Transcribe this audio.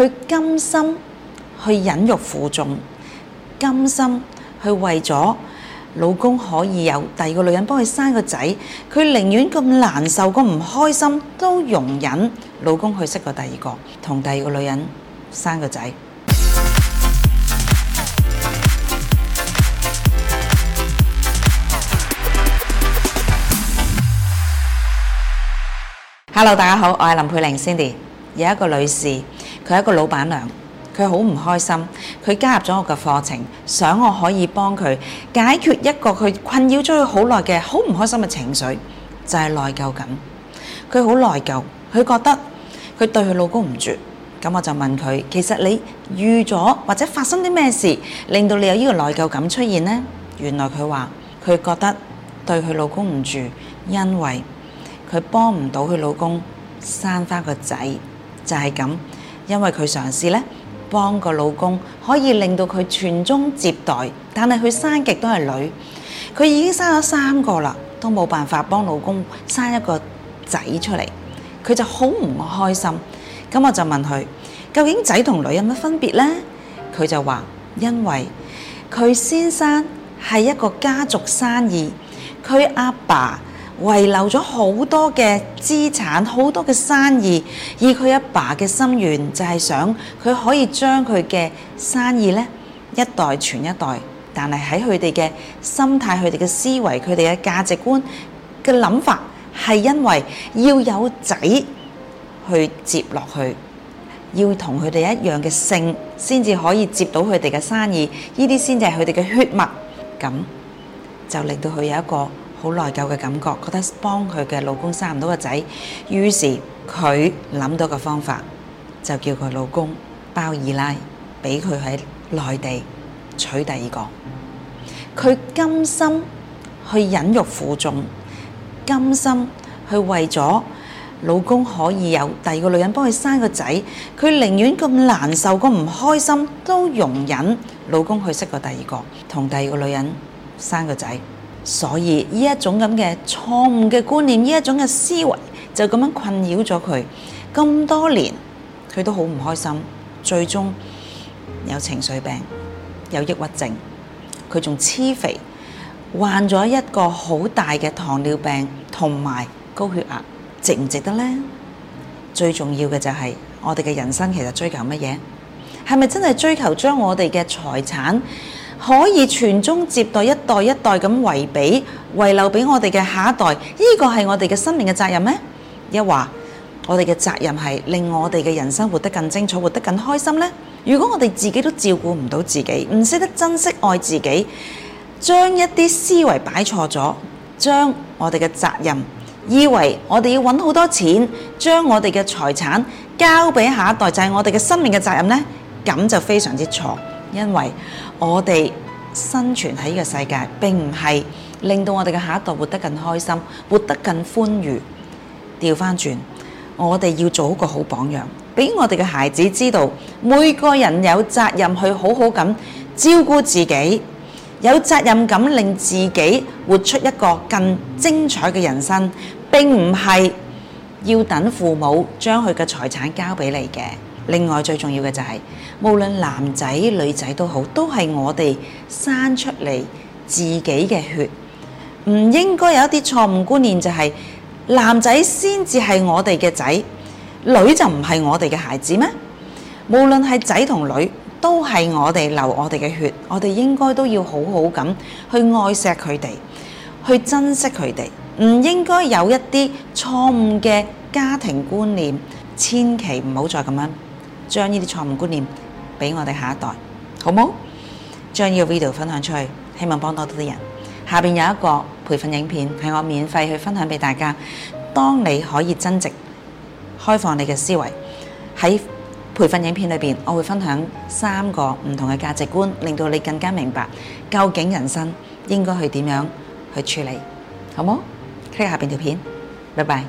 佢甘心去忍辱負重，甘心去為咗老公可以有第二個女人幫佢生個仔，佢寧願咁難受，咁唔開心都容忍老公去識個第二個，同第二個女人生個仔。Hello，大家好，我係林佩玲 Cindy，有一個女士。佢係一個老闆娘，佢好唔開心。佢加入咗我嘅課程，想我可以幫佢解決一個佢困擾咗佢好耐嘅好唔開心嘅情緒，就係內疚感。佢好內疚，佢覺得佢對佢老公唔住。咁我就問佢，其實你預遇咗或者發生啲咩事，令到你有呢個內疚感出現呢？原來佢話佢覺得對佢老公唔住，因為佢幫唔到佢老公生翻個仔，就係咁。因為佢嘗試咧，幫個老公可以令到佢傳宗接代，但係佢生極都係女，佢已經生咗三個啦，都冇辦法幫老公生一個仔出嚟，佢就好唔開心。咁我就問佢：究竟仔同女有乜分別咧？佢就話：因為佢先生係一個家族生意，佢阿爸爸，遺留咗好多嘅資產，好多嘅生意，以佢阿爸嘅心願，就係、是、想佢可以將佢嘅生意呢一代傳一代。但係喺佢哋嘅心態、佢哋嘅思維、佢哋嘅價值觀嘅諗法，係因為要有仔去接落去，要同佢哋一樣嘅姓，先至可以接到佢哋嘅生意，呢啲先至係佢哋嘅血脈，咁就令到佢有一個好內疚嘅感覺，覺得幫佢嘅老公生唔到個仔，於是佢諗到個方法，就叫佢老公包二奶，俾佢喺內地娶第二個。佢甘心去忍辱負重，甘心去為咗老公可以有第二個女人幫佢生個仔，佢寧願咁難受、咁唔開心，都容忍老公去識個第二個，同第二個女人生個仔。所以呢，一種咁嘅錯誤嘅觀念，呢一種嘅思維就咁樣困擾咗佢咁多年，佢都好唔開心，最終有情緒病，有抑鬱症，佢仲痴肥，患咗一個好大嘅糖尿病同埋高血壓，值唔值得咧？最重要嘅就係、是、我哋嘅人生其實追求乜嘢？係咪真係追求將我哋嘅財產。可以傳宗接代，一代一代咁遺俾遺留俾我哋嘅下一代，呢個係我哋嘅生命嘅責任咩？一話我哋嘅責任係令我哋嘅人生活得更精彩，活得更開心咧。如果我哋自己都照顧唔到自己，唔識得珍惜愛自己，將一啲思維擺錯咗，將我哋嘅責任以為我哋要揾好多錢，將我哋嘅財產交俾下一代，就係、是、我哋嘅生命嘅責任咧，咁就非常之錯。因為我哋生存喺呢個世界，並唔係令到我哋嘅下一代活得更開心、活得更歡愉。掉返轉，我哋要做好個好榜樣，俾我哋嘅孩子知道，每個人有責任去好好咁照顧自己，有責任感令自己活出一個更精彩嘅人生。並唔係要等父母將佢嘅財產交俾你嘅。另外最重要嘅就係、是、無論男仔女仔都好，都係我哋生出嚟自己嘅血，唔應該有一啲錯誤觀念、就是，就係男仔先至係我哋嘅仔，女就唔係我哋嘅孩子咩？無論係仔同女，都係我哋流我哋嘅血，我哋應該都要好好咁去愛錫佢哋，去珍惜佢哋，唔應該有一啲錯誤嘅家庭觀念，千祈唔好再咁樣。將呢啲錯誤觀念俾我哋下一代，好冇？將呢個 video 分享出去，希望幫到多啲人。下邊有一個培訓影片，係我免費去分享俾大家。當你可以增值、開放你嘅思維，喺培訓影片裏邊，我會分享三個唔同嘅價值觀，令到你更加明白究竟人生應該去點樣去處理，好冇？睇下邊條片，拜拜。